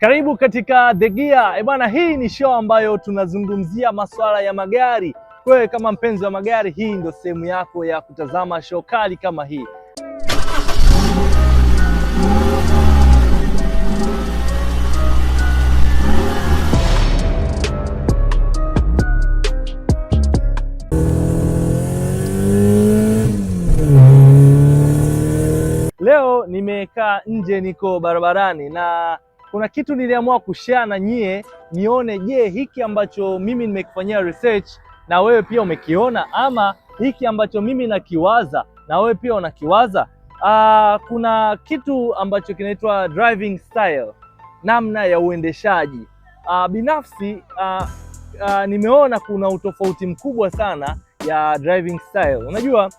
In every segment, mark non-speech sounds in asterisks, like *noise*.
Karibu katika The Gear. E bwana, hii ni show ambayo tunazungumzia masuala ya magari. Wewe kama mpenzi wa magari, hii ndio sehemu yako ya kutazama show kali kama hii. Leo nimekaa nje, niko barabarani na kuna kitu niliamua kushare na nyie, nione je, hiki ambacho mimi nimekifanyia research na wewe pia umekiona, ama hiki ambacho mimi nakiwaza na wewe pia unakiwaza. Aa, ah, kuna kitu ambacho kinaitwa driving style, namna ya uendeshaji. Aa, ah, binafsi aa, ah, aa, nimeona kuna utofauti mkubwa sana ya driving style. Unajua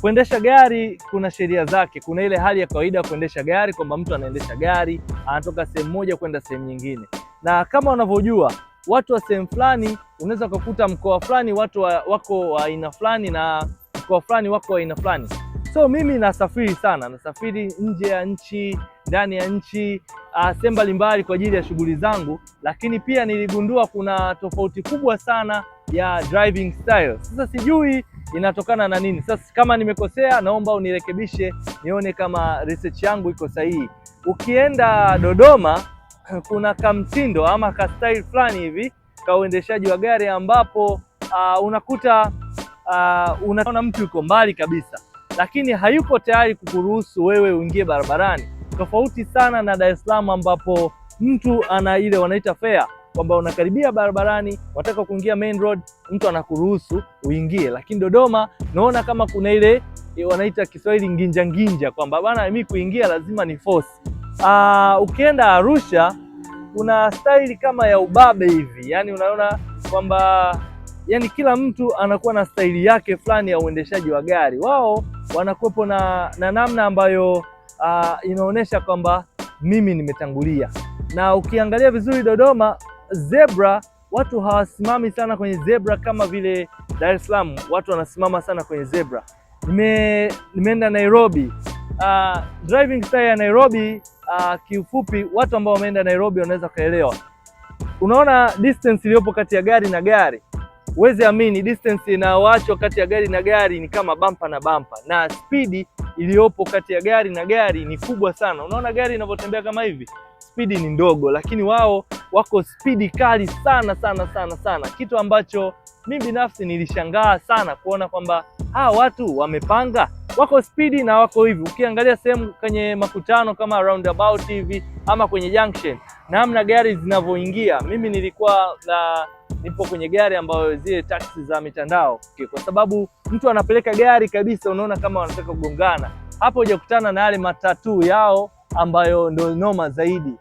Kuendesha gari kuna sheria zake. Kuna ile hali ya kawaida ya kuendesha gari kwamba mtu anaendesha gari anatoka sehemu moja kwenda sehemu nyingine, na kama wanavyojua watu wa sehemu fulani, unaweza ukakuta mkoa fulani watu wa, wako wa aina fulani na mkoa fulani wako wa aina fulani. So mimi nasafiri sana, nasafiri nje ya nchi, ndani ya nchi, ah, sehemu mbalimbali kwa ajili ya shughuli zangu, lakini pia niligundua kuna tofauti kubwa sana ya driving style. Sasa sijui inatokana na nini? Sasa kama nimekosea, naomba unirekebishe nione kama research yangu iko sahihi. Ukienda Dodoma *clears throat* kuna kamtindo ama style fulani hivi ka uendeshaji wa gari ambapo uh, unakuta uh, unaona mtu yuko mbali kabisa, lakini hayuko tayari kukuruhusu wewe uingie barabarani, tofauti sana na Dar es Salaam ambapo mtu ana ile wanaita fare kwamba unakaribia barabarani, wataka kuingia main road, mtu anakuruhusu uingie. Lakini Dodoma naona kama kuna ile eh, wanaita Kiswahili nginja nginja, kwamba bana, mimi kuingia lazima ni force. Aa, ah, ukienda Arusha kuna staili kama ya ubabe hivi, yani unaona kwamba yani kila mtu anakuwa na staili yake fulani ya uendeshaji wa gari. Wao wanakuwepo na, na namna ambayo uh, inaonyesha kwamba mimi nimetangulia, na ukiangalia vizuri Dodoma zebra, watu hawasimami sana kwenye zebra kama vile Dar es Salaam watu wanasimama sana kwenye zebra. Nime, nimeenda Nairobi uh, driving style ya Nairobi uh, kiufupi, watu ambao wameenda Nairobi wanaweza kaelewa. Unaona distance iliyopo kati ya gari na gari, uweze amini distance inayoachwa kati ya gari na gari ni kama bampa na bampa, na spidi iliyopo kati ya gari na gari ni kubwa sana. Unaona gari inavyotembea kama hivi, spidi ni ndogo, lakini wao wako spidi kali sana sana sana sana, kitu ambacho mimi binafsi nilishangaa sana kuona kwamba hawa watu wamepanga, wako spidi na wako hivi. Ukiangalia sehemu kwenye makutano kama roundabout hivi ama kwenye junction, namna gari zinavyoingia, mimi nilikuwa la, nipo kwenye gari ambayo zile taksi za mitandao okay, kwa sababu mtu anapeleka gari kabisa, unaona kama wanataka kugongana hapo, hujakutana na yale matatu yao ambayo ndo noma zaidi.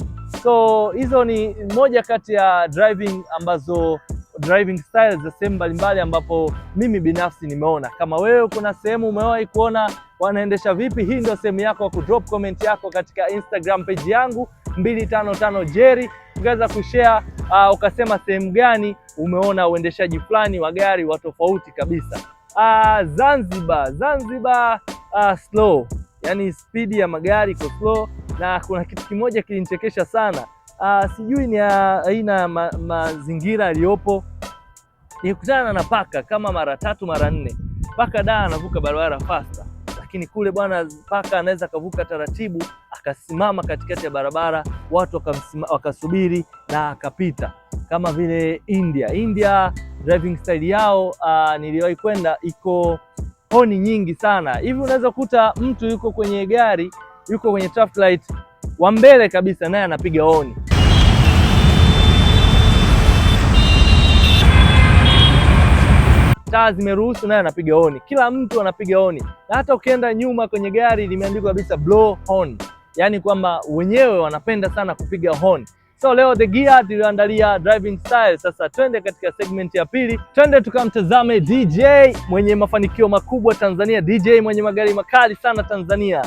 So hizo ni moja kati ya driving ambazo driving styles za sehemu mbalimbali ambapo mimi binafsi nimeona. Kama wewe kuna sehemu umewahi kuona wanaendesha vipi, hii ndio sehemu yako ya kudrop comment yako katika Instagram page yangu 255 Jerry, ukaweza kushare uh, ukasema sehemu gani umeona uendeshaji fulani wa gari wa tofauti kabisa. Uh, Zanzibar Zanzibar uh, slow, yani spidi ya magari iko slow na kuna kitu kimoja kilinichekesha sana. Uh, sijui ni aina ya ma, mazingira aliyopo. nikutana na paka kama mara tatu mara nne. Paka da anavuka barabara fasta, lakini kule bwana, paka anaweza akavuka taratibu akasimama katikati ya barabara, watu wakasubiri na akapita, kama vile India. India driving style yao uh, niliwahi kwenda, iko honi nyingi sana hivi, unaweza kuta mtu yuko kwenye gari yuko kwenye traffic light, wa mbele kabisa naye anapiga honi. Taa zimeruhusu naye anapiga honi, kila mtu anapiga honi, na hata ukienda nyuma kwenye gari limeandikwa kabisa blow horn, yaani kwamba wenyewe wanapenda sana kupiga horn. So leo The Gear tulioandalia driving style. Sasa twende katika segment ya pili, twende tukamtazame DJ mwenye mafanikio makubwa Tanzania, DJ mwenye magari makali sana Tanzania,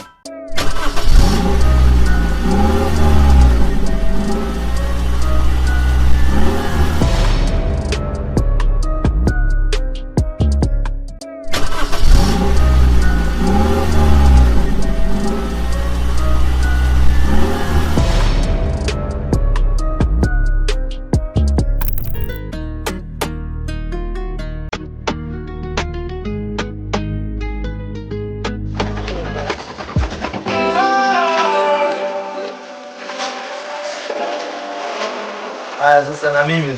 sasa na mimi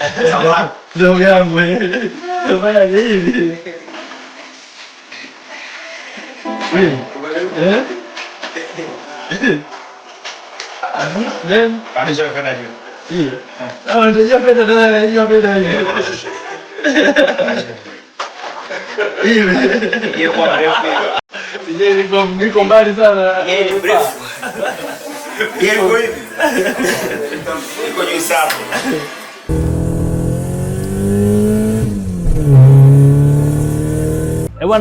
sasa ndugu yangu fanya hivi niko mbali sana iko juu sana.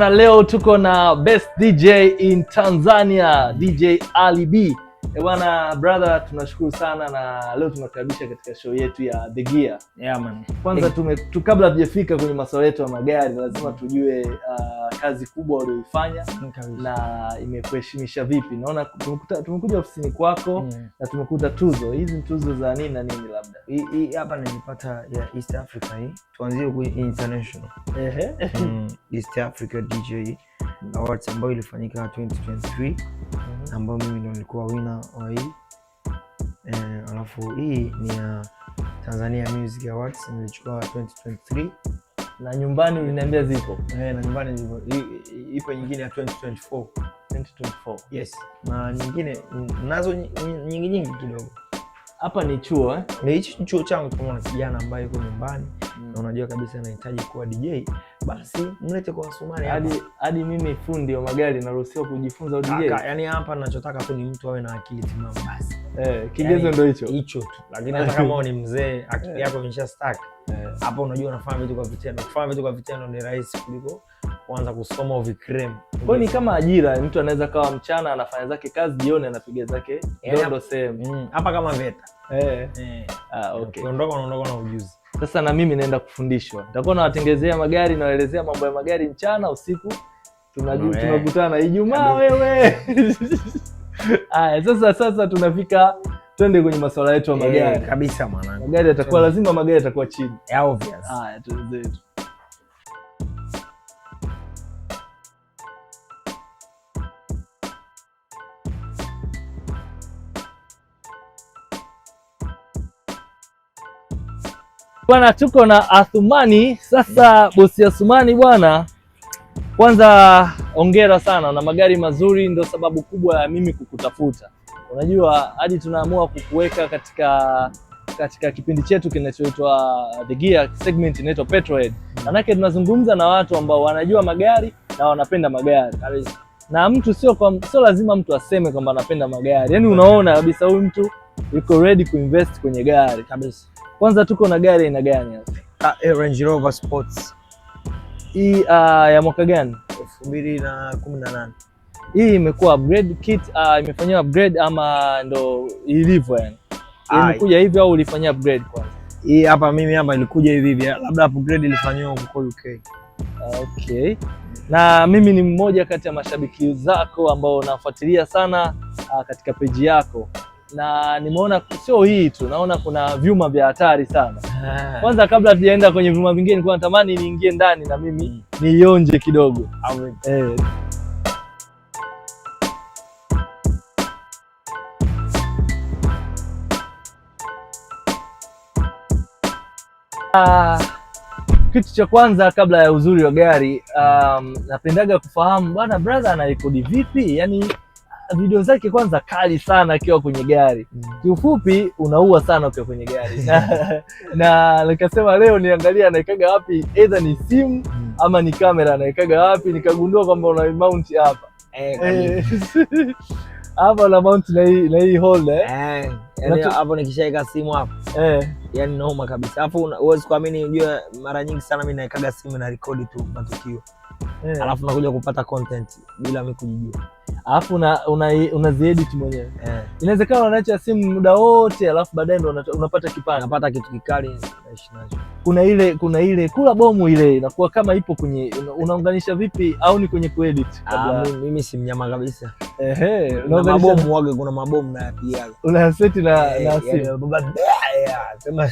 leo tuko na best DJ in Tanzania, DJ Ali B ebwana eh bwana brother, tunashukuru sana na leo tunakaribisha katika show yetu ya The Gear. Yeah, man. Kwanza tume, tu kabla tujafika kwenye masuala yetu ya magari lazima tujue uh, kazi kubwa ulioifanya na imekuheshimisha vipi. Naona tumekuja ofisini kwako yeah, na tumekuta tuzo hizi, ni tuzo za nini na nini? Labda hii hapa nilipata ya East Africa hii, tuanzie huko international. Ehe. Mm, East Africa DJ Awards ambayo ilifanyika 2023 -hmm. ambayo mimi ndo nilikuwa wina wa hii e, alafu hii ni ya Tanzania Music Awards nilichukua 2023 na nyumbani uliniambia zipo e, na nyumbani zipo. Ipo nyingine ya 2024 2024 yes, na nyingine nazo nyingi nyingi kidogo. Hapa ni chuo eh? Hichi chuo changu pamoja na kijana ambaye yuko nyumbani unajua kabisa anahitaji kuwa DJ, basi mlete kwa Wasumali. Hadi hadi mimi fundi wa magari naruhusiwa kujifunza DJ. Yani hapa ninachotaka tu ni mtu awe na akili timamu basi. Eh, eh kigezo ndio hicho hicho tu, lakini hata kama ni mzee akili eh. yako imesha stack eh. hapo, unajua unafanya vitu kwa vitendo. Kufanya vitu kwa vitendo ni rahisi kuliko kuanza kusoma vikrem. Kwa ni kama ajira, mtu anaweza kawa mchana anafanya zake kazi, jioni anapiga zake dondo same mm, hapa kama VETA. Eh, eh, ah, okay, kuondoka unaondoka na ujuzi sasa na mimi naenda kufundishwa, nitakuwa nawatengezea magari, nawaelezea mambo ya magari mchana, usiku tunakutana Ijumaa wewe. *laughs* Aya, sasa sasa tunafika twende kwenye masuala yetu ya eh, magari. kabisa mwanangu. Magari yatakuwa lazima, magari yatakuwa chini. Eh, obvious. Bwana, tuko na Athumani sasa. Bosi Athumani bwana, kwanza ongera sana na magari mazuri, ndio sababu kubwa ya mimi kukutafuta. Unajua hadi tunaamua kukuweka katika katika kipindi chetu kinachoitwa The Gear segment inaitwa Petrolhead, manake tunazungumza na watu ambao wanajua magari na wanapenda magari na mtu sio kwa, sio lazima mtu aseme kwamba anapenda magari, yaani unaona kabisa huyu mtu yuko ready kuinvest kwenye gari kabisa. Kwanza tuko na gari aina gani? Ah, eh, Range Rover Sports. Hii uh, ya mwaka gani? 2018. Hii imekuwa upgrade kit, uh, ah, imefanywa upgrade ama ndo ilivyo yani? Imekuja hivi au ulifanyia upgrade kwanza? Hii hapa mimi hapa ilikuja hivi hivi, labda upgrade ilifanywa huko UK. Okay. Na mimi ni mmoja kati ya mashabiki zako ambao nafuatilia sana uh, katika peji yako na nimeona sio hii tu, naona kuna vyuma vya hatari sana. Ah. Kwanza kabla tujaenda kwenye vyuma vingine, nilikuwa natamani niingie ndani na mimi mm. nionje kidogo. Amen. Eh. Ah, kitu cha kwanza kabla ya uzuri wa gari um, napendaga kufahamu bwana brother anarekodi vipi yani video zake kwanza kali sana akiwa kwenye gari mm. Kiufupi unaua sana ukiwa kwenye gari *laughs* na nikasema leo niangalia anaekaga wapi, either ni simu mm. ama ni kamera anaekaga wapi, nikagundua kwamba una mount hapa eh, *laughs* hapa na mount na hii na hii holder eh, eh yani hapo nikishaweka simu hapo eh, yani noma kabisa. Hapo huwezi kuamini, unajua mara nyingi sana mimi naekaga simu na record tu matukio yeah. Alafu unakuja kupata content bila mimi kujijua, alafu unaziedit una, una mwenyewe yeah. Inawezekana unaacha simu muda wote, alafu baadaye ndo unapata kipande, unapata kitu kikali. Kuna ile kuna ile kula bomu ile inakuwa kama ipo kwenye unaunganisha vipi, au ni kwenye kuedit? Ah, mimi si mnyama kabisa. Ehe, kuna mabomu wage, kuna mabomu na pia una set na eh, na simu, baba, sema *laughs*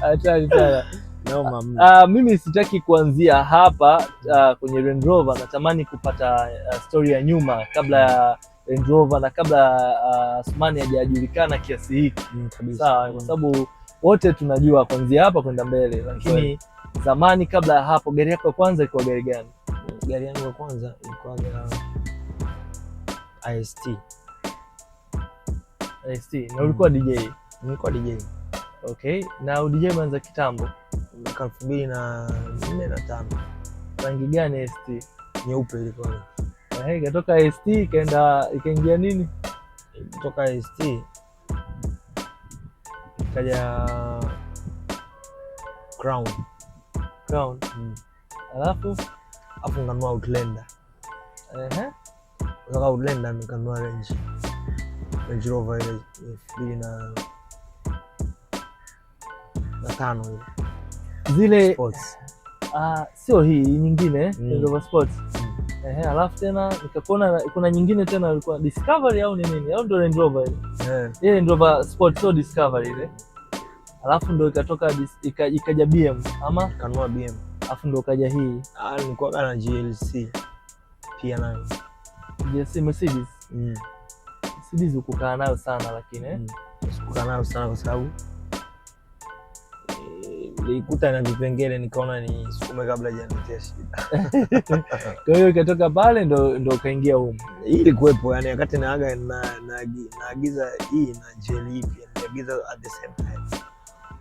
hatari sana no, uh, mimi sitaki kuanzia hapa uh, kwenye Range Rover. Natamani kupata uh, story ya nyuma kabla ya Range Rover na kabla Asmani hajajulikana kiasi hiki mm, sawa, kwa sababu wote tunajua kuanzia hapa kwenda mbele, lakini zamani kabla ya hapo, gari yako ya kwanza ilikuwa gari gani? Gari yangu ya kwanza ilikuwa IST. IST. Na ulikuwa mm. DJ? Nilikuwa DJ. Okay, na DJ umeanza kitambo? mwaka elfu mbili na nne na tano. Rangi gani? ST nyeupe ilikuwa. ikatoka ST ikaenda ikaingia nini? toka ST ikaja Crown. Crown. Mm. Alafu afu nkanua Outlander. Ehe. Kutoka Outlander nikanua Range. Range Rover ile elfu mbili na na tano ile zile sports. Uh, sio hii nyingine mm. sports mm. ehe, alafu tena nikakuona kuna nyingine tena ilikuwa Discovery au ni nini au ndio Land Rover ile yeah. ile Land Rover Sport sio Discovery ile, alafu ndio ikatoka ikaja BM ama kanua BM, alafu ndio kaja hii ah, ni kwa na GLC pia nayo GLC Mercedes mm. Mercedes ukukaa nayo sana lakini eh? mm. sikukaa nayo sana kwa sababu nilikuta na vipengele nikaona ni nisukume kabla janitia shida. *laughs* Kwa hiyo ikatoka pale ndo, ndo kaingia huko. Ili kuwepo yani wakati naaga naagiza na, na hii na jeli hivi naagiza at the same time.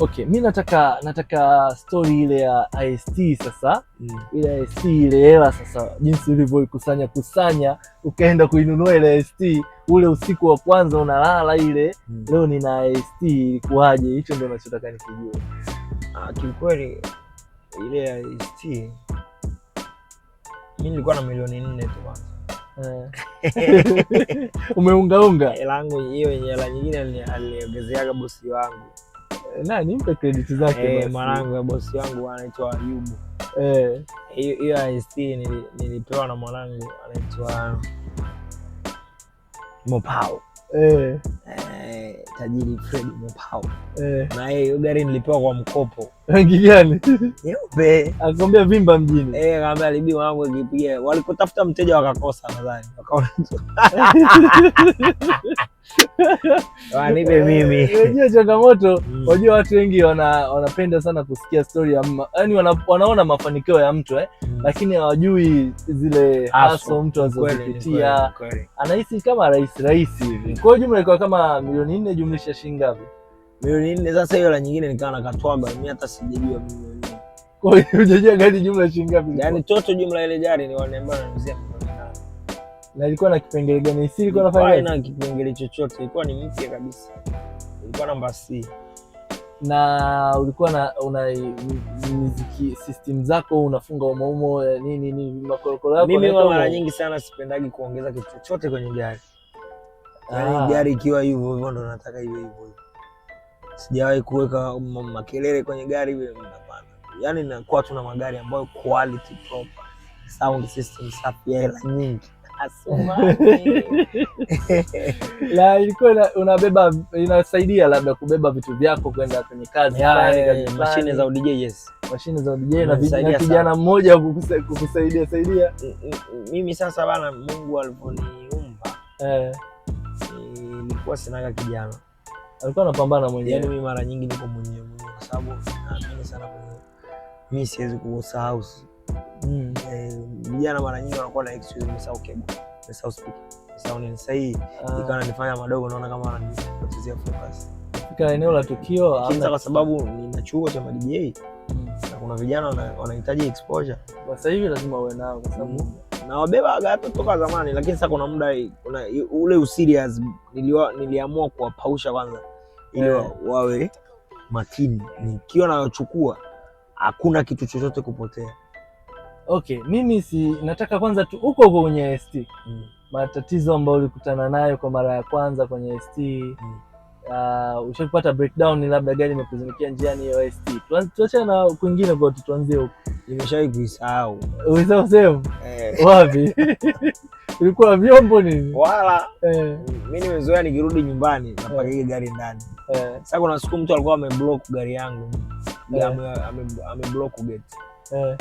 Okay, mi nataka nataka stori ile ya IST sasa mm. ile IST ile hela sasa, jinsi ulivyoikusanya kusanya ukaenda kuinunua ile IST, ule usiku wa kwanza unalala ile mm. leo nina IST ilikuwaje? Hicho ndio nachotaka nikijua. Ah, kiukweli ile ya IST mi nilikuwa na milioni nne tu kwanza. Eh. *laughs* Umeungaunga hela yangu hiyo, yenye hela nyingine aliongezeaga bosi wangu. Eh, Nani mpe zake eh, mwanangu, ya bosi wangu anaitwa Ayubu. Hiyo IST nilipewa na mwanangu anaitwa Mopao. Eh, tajiri Fred Mupau eh, na gari nilipewa kwa mkopo. *laughs* Rangi gani? Nyeupe. vimba mjini eh, akamwambia alibi wangu walikotafuta mteja wakakosa, nadhani wakaona *laughs* Wanipe *laughs* ah, mimi. Eh, unajua changamoto, unajua mm. watu wengi wanapenda sana kusikia story ya yani, wanaona mafanikio ya mtu eh, mm. lakini hawajui zile hustle mtu anazopitia, anahisi kama rahisi rahisi hivi. Mm. Kwa jumla ilikuwa kama milioni nne jumlisha shilingi ngapi? Milioni nne. Sasa hiyo la nyingine nikawa nakatwaga mimi, hata sijajua milioni Kwa hiyo unajua gari jumla shilingi ngapi? Yani toto jumla ile gari ni wanaambia mzee na ilikuwa na kipengele gani? Si ilikuwa nafanya na kipengele chochote, ilikuwa ni mpya kabisa, ilikuwa namba C. Na ulikuwa na una muziki system zako unafunga umoumo eh, nini nini makorokoro yako? Mimi kwa mara nyingi sana sipendagi kuongeza kitu chochote kwenye gari, ah. yaani gari ikiwa hivyo hivyo ndo nataka iwe hivyo hivyo, sijawahi kuweka makelele kwenye gari vile mnapanda, yaani nakuwa tuna magari ambayo quality proper, sound system safi, hela nyingi asomani na *laughs* ilikuwa unabeba inasaidia labda kubeba vitu vyako kwenda kwenye kazi fulani, mashine za DJ. Yes, mashine za DJ na vijana mmoja kukusaidia saidia. Mimi sasa bana, Mungu alivyoniumba eh, nilikuwa sinaga kijana, alikuwa anapambana mwenyewe. Yani mimi mara nyingi niko mwenyewe mwenyewe, kwa sababu naamini sana, mimi siwezi kusahau vijana mara nyingi wanakuwa na excuse, nimesahau cable, nimesahau speaker, nimesahau nini. Sasa hii ah. ikawa madogo, naona kama focus katika eneo la tukio, kwa sababu nina chuo cha DJ hmm. na kuna vijana wanahitaji exposure. Kwa sasa hivi lazima uwe nao, kwa sababu hmm. nawabebaga hata toka zamani, lakini sasa kuna muda kuna ule userious niliamua kuwapausha kwanza, ili yeah, wawe makini. Nikiwa nayochukua hakuna kitu chochote kupotea. Okay, mimi si nataka kwanza tu huko huko kwenye ST mm. matatizo ambayo ulikutana nayo kwa mara ya kwanza kwenye ST mm. uh, ah, ushapata breakdown, labda gari imekuzumikia njiani hiyo ST. Tuachana na kwingine kwa tuanzie huko. Nimeshawahi kuisahau. Ulisahau sehemu? Eh. Wapi? *laughs* Ilikuwa vyombo nini? Wala. Eh. Mimi nimezoea nikirudi nyumbani eh. napaka ile gari ndani. Eh. Sasa kuna siku mtu alikuwa ameblock gari yangu. Eh. Ameblock ame, ame gate. Eh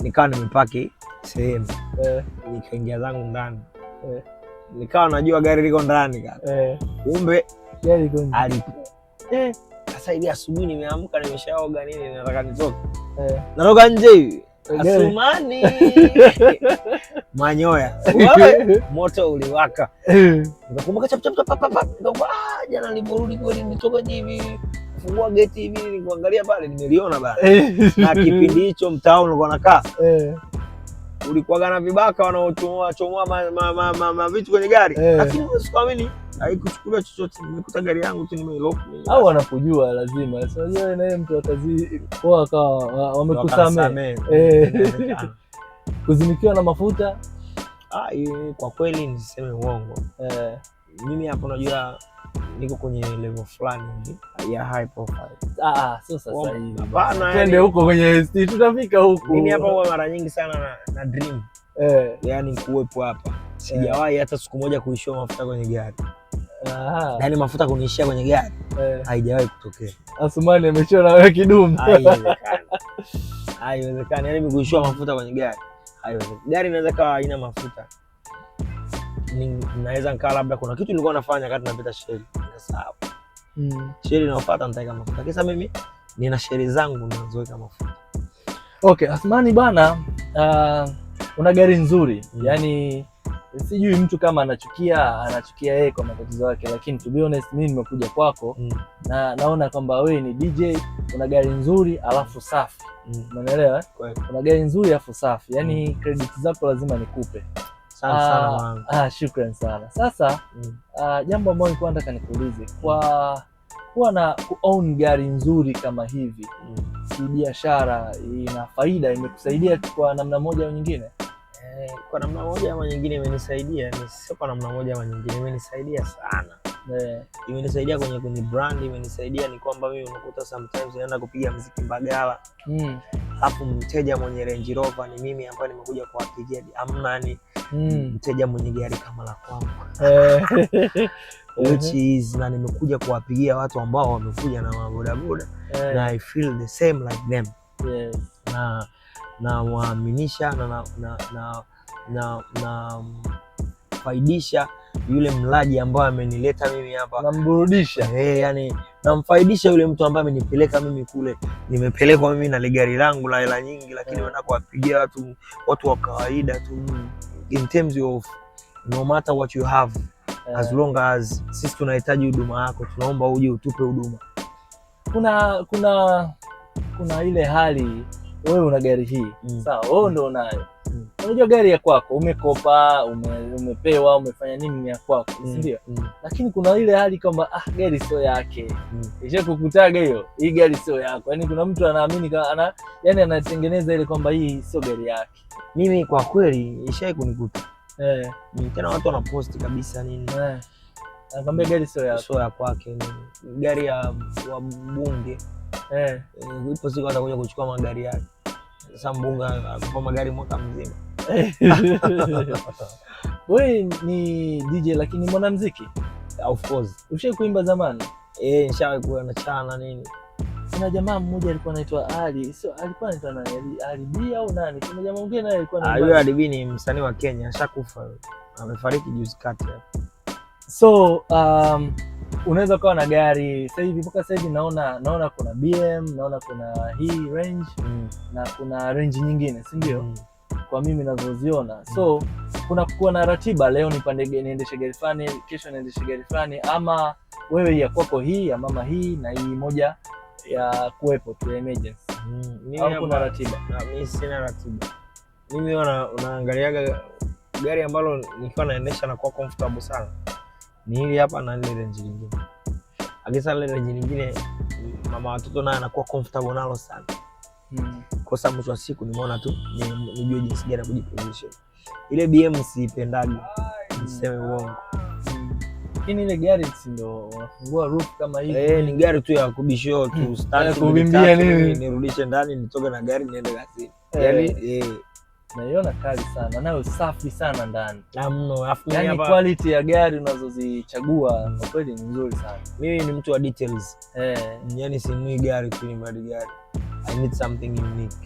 nikawa nimepaki sehemu eh, nikaingia zangu ndani eh, nikawa najua gari liko ndani kaka eh, kumbe alipo eh. Sasa ile asubuhi nimeamka, nimeshaoga nini, nataka nitoke eh, natoka nje hivi eh, Asumani *laughs* manyoya *laughs* eh. moto uliwaka eh. nikakumbuka chap chap chap, ah, jana niliporudi kweli nitoka hivi nimefungua geti hivi ili kuangalia pale, nimeliona bana. Eh. Na kipindi hicho mtaa ulikuwa nakaa eh. ulikuwa na vibaka wanaochomoa chomoa ma, ma, ma, ma, ma, vitu kwenye gari hey. Eh. Lakini sikuamini haikuchukuliwa chochote, nimekuta gari yangu tu nimeilock. Au wanakujua lazima, si unajua yeye mtu akazi poa, akawa wamekusamea eh, *laughs* kuzinikiwa na mafuta. Ah, kwa kweli niseme uongo eh mimi hapo unajua niko kwenye level fulani ya high profile. Ah, ah sio sasa hivi. Hapana, twende huko kwenye ST, tutafika huko. Mimi hapa huwa mara nyingi sana na, na dream eh, yani kuwepo hapa sijawahi eh, hata siku moja kuishiwa mafuta kwenye gari. Ah, yani mafuta kuniishia kwenye gari eh, haijawahi kutokea. Asumani ameshiwa na wewe kidumu? Haiwezekani, haiwezekani. Yaani mimi kuishiwa mafuta kwenye gari haiwezekani. Gari inaweza kawa haina mafuta naweza nikaa labda kuna kitu nilikuwa nafanya kati napita sheri nikasahau. Mm. Sheli inayofuata nitaweka mafuta. Kisa mimi nina sheri zangu nazoweka mafuta. Okay, Athmani bana, uh, una gari nzuri. Mm. yani sijui mtu kama anachukia anachukia yeye kwa matatizo yake, lakini to be honest mimi nimekuja kwako mm. na naona kwamba wewe ni DJ, una gari nzuri alafu safi. mm. Mm. Una gari nzuri alafu safi. yani mm. credit zako lazima nikupe shukran sana. Ah, ah sana. Sasa mm. Ah, jambo ambayo nilikuwa nataka nikuulize kwa kuwa na kuown gari nzuri kama hivi mm. si biashara ina faida, imekusaidia kwa namna moja au nyingine? Eh, kwa namna moja ama nyingine imenisaidia, sio kwa namna moja ama nyingine, imenisaidia sana Yeah. Imenisaidia kwenye kwenye brand, imenisaidia ni kwamba mimi unakuta sometimes naenda kupiga mziki Mbagala, mm. alafu mteja mwenye Range Rover ni mimi ambaye nimekuja kuwapigia amnani mm. mteja mwenye gari kama la kwangu Uchi *laughs* eh. hizi na nimekuja kuwapigia watu ambao wamekuja na mabodaboda na eh. I feel the same like them yes. na nawaaminisha na, na, na, na, na, na faidisha yule mlaji ambaye amenileta mimi hapa, namburudisha eh, yani namfaidisha yule mtu ambaye amenipeleka mimi kule. Nimepelekwa mimi na gari langu la hela nyingi, lakini yeah. wanakowapigia watu watu wa kawaida tu in terms of no matter what you have yeah. As long as sisi tunahitaji huduma yako, tunaomba uje utupe huduma. Kuna kuna kuna ile hali wewe una gari hii mm. Sawa, wewe ndo unayo unajua gari ya kwako umekopa, ume, umepewa, umefanya nini, ni ya kwako, mm. sindio mm. Lakini kuna ile hali kwamba ah, gari sio yake mm. isha kukutaga hiyo, hii gari sio yako. Yani kuna mtu anaamini ana, yani anatengeneza ile kwamba hii sio gari yake. Mimi kwa kweli ishai kunikuta eh, tena watu wanaposti kabisa nini eh. Anakwambia gari sio yako, sio ya kwake, gari ya wa wabunge eh. eh. Ipo siku atakuja kuchukua magari yake. Sasa mbunge kwa magari mwaka mzima *laughs* Wewe ni DJ lakini mwanamuziki? Of course. Ushai kuimba zamani? Eh, nishawahi kuwa na chana nini. Kuna jamaa mmoja alikuwa anaitwa Ali, sio alikuwa anaitwa nani? Ali B au nani? Kuna jamaa mwingine naye alikuwa anaitwa. Ah, Ali B ni msanii wa Kenya, ashakufa. Amefariki juzi kati hapo. So, um, unaweza ukawa na gari sasa hivi, mpaka sasa hivi naona naona kuna BM, naona kuna hii range mm. na kuna range nyingine, si ndio? mm kwa mimi navyoziona. So kuna kuwa na ratiba, leo nipande niendeshe gari fulani, kesho niendeshe gari fulani, ama wewe ya kwako hii ya mama hii na hii moja ya kuwepo tu emergency. Mm, mimi au kuna ratiba? Mimi sina ratiba. Mimi unaangaliaga gari ambalo nikiwa naendesha na kuwa comfortable sana ni hili hapa na lile renji lingine. Akisa lile renji lingine mama watoto naye anakuwa comfortable nalo sana. Hmm kosa mwisho wa siku nimeona tu nijue jinsi gani kujiposition. Ile BM siipendaje, niseme uongo. Lakini ile gari si ndo unafungua roof kama hivi. Eh, ni gari tu ya kubishio tu, hmm. start kubimbia nini, nirudishe ndani nitoke na gari niende kazini. Eh. Yani eh naiona kali sana nayo safi sana ndani na mno, afu yani quality ya gari unazozichagua kwa hmm. kweli ni nzuri sana. Mimi ni mtu wa details eh, yani sinunui gari tu ni mradi gari I need something unique.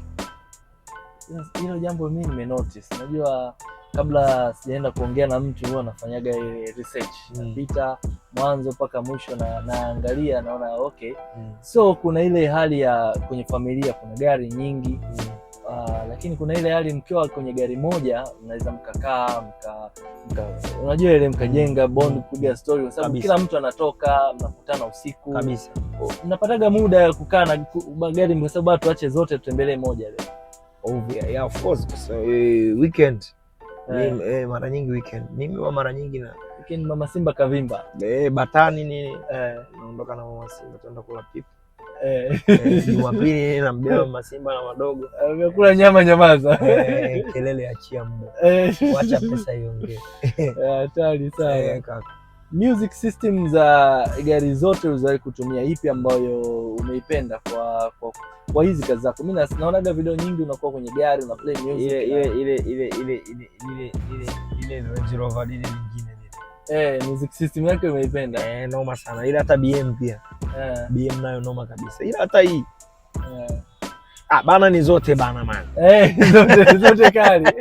Hilo jambo mimi nime notice. Unajua kabla sijaenda kuongea na mtu huwa nafanyaga research. Mm. Napita mm. mwanzo mpaka mwisho na naangalia naona okay. Mm. So kuna ile hali ya kwenye familia kuna gari nyingi mm. Ah, lakini kuna ile hali mkiwa kwenye gari moja mnaweza mkakaa mka, mka, unajua ile mkajenga mm. bond kupiga story, kwa sababu kila mtu anatoka, mnakutana usiku kabisa, mnapataga muda ya kukaa na magari, kwa sababu tuache zote tutembelee moja leo. Oh, yeah, of course kwa so, uh, eh, weekend yeah. Mim, eh, mara nyingi weekend mimi wa mara nyingi na weekend mama Simba kavimba eh, batani nini eh, naondoka na mama Simba tunaenda kula pipi Jumapili eh. *laughs* na mbeba masimba na madogo amekula nyama, nyamaza eh, kelele, achia muda, eh. wacha pesa iongee. *laughs* Hatari sana kaka. Music system za gari zote ulizowahi kutumia, ipi ambayo umeipenda kwa, kwa, kwa hizi kazi zako? Mimi naonaga video nyingi unakuwa kwenye gari una play music ile ile ile ile ile ile ile ile ile ile ile Eh, music system yake umeipenda. Eh, noma sana. Ila hata BM pia. Eh. BM nayo noma kabisa. Ila hata hii. Eh. Ah, bana ni zote bana man. Eh, *laughs* zote kali. *laughs*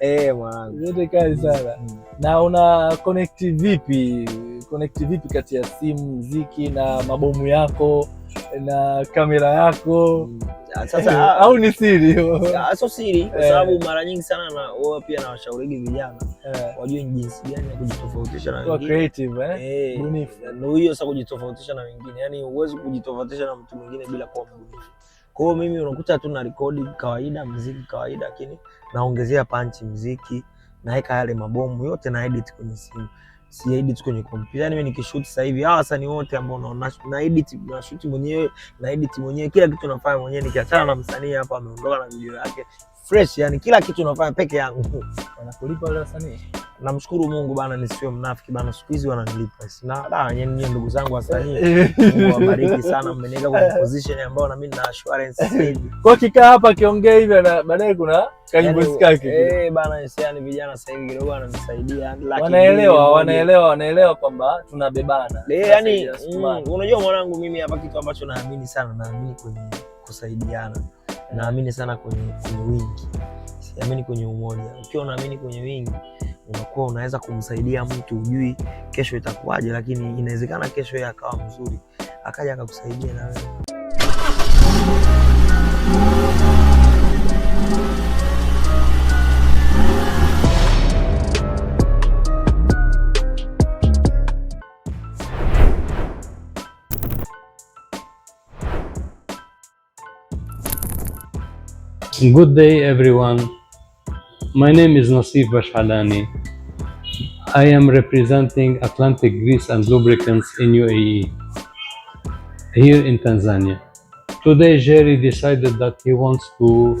Eh, mwanangu. Zote kali sana. Mm. Na una connect vipi? Connect vipi kati ya simu, muziki na mabomu yako? na kamera yako mm. sasa, ah, au ni siri? Ah, sio siri, kwa eh. sababu mara nyingi sana na wao pia nawashaurigi vijana eh. wajue jinsi gani ya kujitofautisha na wengine. Eh? Ndio hiyo sasa, kujitofautisha na wengine, yani huwezi kujitofautisha na mtu mwingine bila kuwa mbunifu. Kwa hiyo mimi unakuta tu na rekodi kawaida, mziki kawaida, lakini naongezea panchi mziki, naweka yale mabomu yote na edit kwenye simu si edit kwenye kompyuta. Yani mimi nikishoot sasa hivi hawa wasanii wote ambao unaona na edit na shoot mwenyewe na edit mwenyewe, kila kitu nafanya mwenyewe, nikiachana na msanii hapa ameondoka na video yake fresh, yani kila kitu unafanya peke yangu. *laughs* Wanakulipa wale wasanii? Namshukuru Mungu bana, nisiwe mnafiki bana, siku hizi wananilipa. Sina da, yani ni ndugu zangu wasanii, *laughs* Mungu awabariki sana, mmeniweka kwa *laughs* position ambayo na mimi na assurance sasa hivi. Kwa kika hapa akiongea hivi na baadaye kuna kanyimbo kake. Eh bana, sasa yani vijana sasa hivi kidogo wananisaidia, lakini wanaelewa, wanaelewa, wanaelewa kwamba tunabebana. Eh, yani mm, unajua mwanangu, mimi hapa kitu ambacho naamini sana, naamini kwenye kusaidiana naamini sana kwenye, kwenye wingi, siamini kwenye umoja. Ukiwa unaamini kwenye wingi unakuwa unaweza kumsaidia mtu, hujui kesho itakuwaje, lakini inawezekana kesho yeye akawa mzuri akaja akakusaidia na wewe. Good day, everyone. My name is Nasif Bashalani. I am representing Atlantic Grease and Lubricants in UAE, here in Tanzania. Today, Jerry decided that he wants to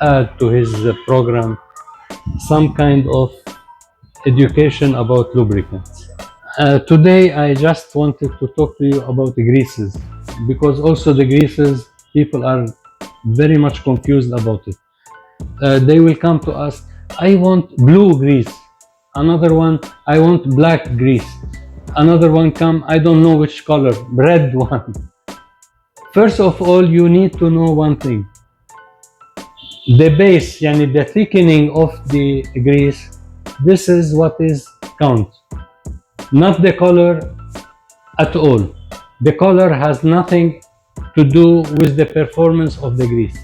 add to his program some kind of education about lubricants. Uh, today, I just wanted to talk to you about greases because also the greases people are very much confused about it. Uh, they will come to us, I want blue grease. Another one, I want black grease. Another one come, I don't know which color, red *laughs* one. First of all, you need to know one thing. The base, yani the thickening of the grease, this is what is count. Not the color at all. The color has nothing to do with the performance of the grease.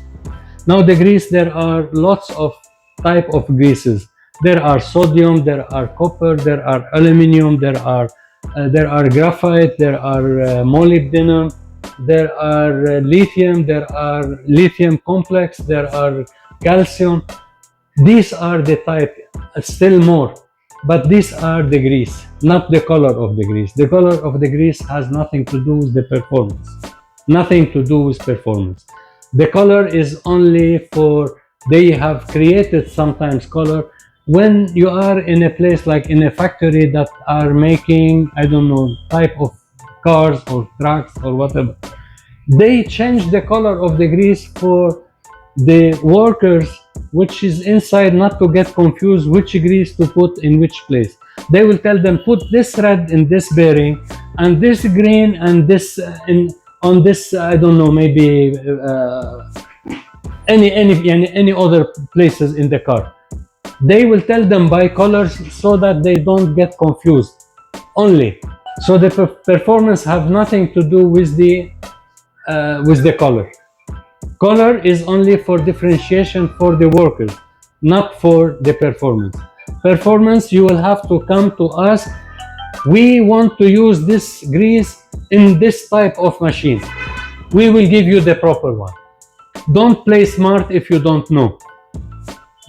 Now the grease, there are lots of type of greases. There are sodium, there are copper, there are aluminium, there are uh, there are graphite, there are uh, molybdenum, there are uh, lithium, there are lithium complex, there are calcium. These are the type, uh, still more, but these are the grease, not the color of the grease. The color of the grease has nothing to do with the performance nothing to do with performance. The color is only for, they have created sometimes color when you are in a place like in a factory that are making, I don't know, type of cars or trucks or whatever. They change the color of the grease for the workers which is inside not to get confused which grease to put in which place they will tell them put this red in this bearing and this green and this uh, in on this i don't know maybe uh, any any any other places in the car they will tell them by colors so that they don't get confused only so the per performance have nothing to do with the uh, with the color color is only for differentiation for the workers not for the performance performance you will have to come to us we want to use this grease in this type of machine we will give you the proper one don't play smart if you don't know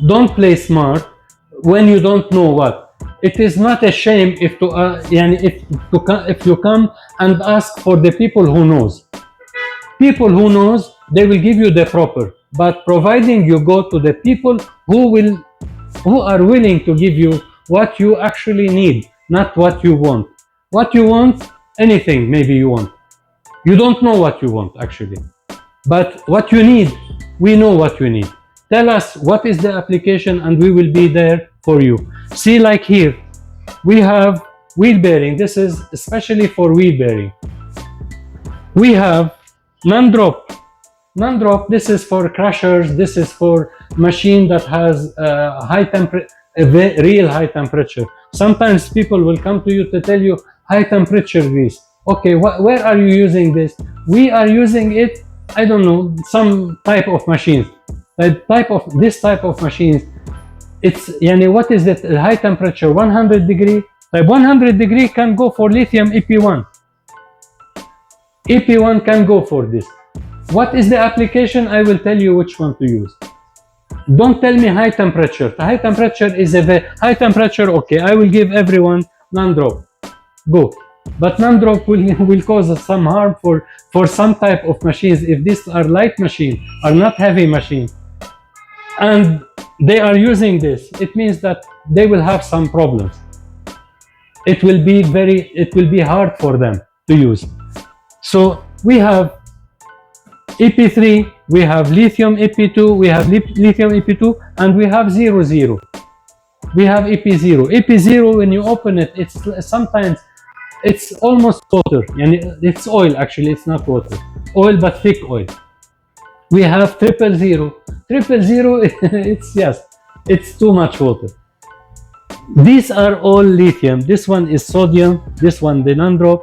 don't play smart when you don't know what it is not a shame if to uh, if to if you come and ask for the people who knows people who knows they will give you the proper but providing you go to the people who will who are willing to give you what you actually need not what you want. What you want, anything maybe you want. You don't know what you want actually. But what you need, we know what you need. Tell us what is the application and we will be there for you. See like here, we have wheel bearing. This is especially for wheel bearing. We have non-drop. Non-drop, this is for crushers, this is for machine that has uh, high temperature a real high temperature. Sometimes people will come to you to tell you high temperature This Okay, wh where are you using this? We are using it, I don't know, some type of machines. That type of this type of machines. It's yani what is it? High temperature, 100 degree. Type 100 degree can go for lithium EP1. EP1 can go for this. What is the application? I will tell you which one to use. Don't tell me high temperature. The high temperature is a high temperature, okay, I will give everyone non-drop. Go. But non-drop will, *laughs* will cause some harm for, for some type of machines if these are light machine are not heavy machine. And they are using this, it means that they will have some problems. It will be very, it will be hard for them to use. So we have EP3 we have lithium EP2, we have lithium EP2, and we have 00. zero. We have EP0. EP0, when you open it, it's sometimes it's almost water, and it's oil actually, it's not water. Oil, but thick oil. We have triple zero. Triple zero, *laughs* it's yes, it's too much water. These are all lithium. This one is sodium, this one the non-drop,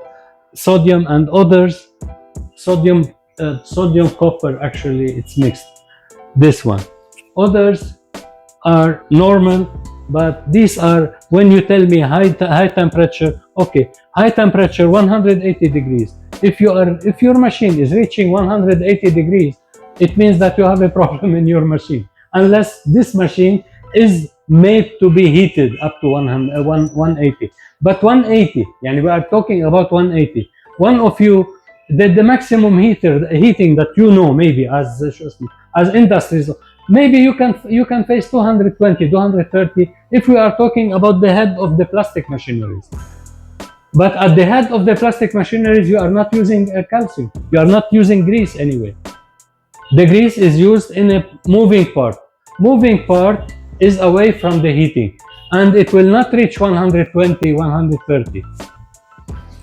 sodium and others, sodium uh, sodium copper actually it's mixed this one others are normal but these are when you tell me high, high temperature okay high temperature 180 degrees if you are if your machine is reaching 180 degrees it means that you have a *laughs* problem in your machine unless this machine is made to be heated up to 100, uh, 180 but 180 yani we are talking about 180 one of you the, the maximum heater, heating that you know maybe as as industries maybe you can you can face 220 230 if we are talking about the head of the plastic machineries but at the head of the plastic machineries you are not using uh, calcium you are not using grease anyway the grease is used in a moving part moving part is away from the heating and it will not reach 120 130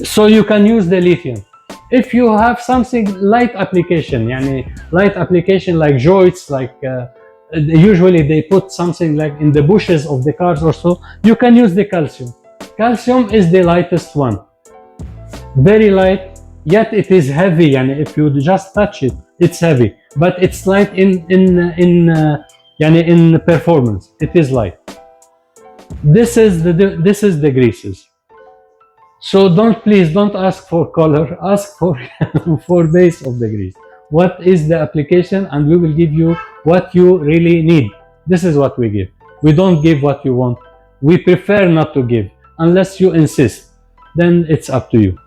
so you can use the lithium if you have something light application yani light application like joists like uh, usually they put something like in the bushes of the cars or so you can use the calcium calcium is the lightest one very light yet it is heavy Yani if you just touch it it's heavy but it's light in in uh, in uh, in performance it is light this is the this is the greases so don't please don't ask for color, ask for *laughs* for base of the grease. What is the application and we will give you what you really need. This is what we give. We don't give what you want. We prefer not to give unless you insist. Then it's up to you.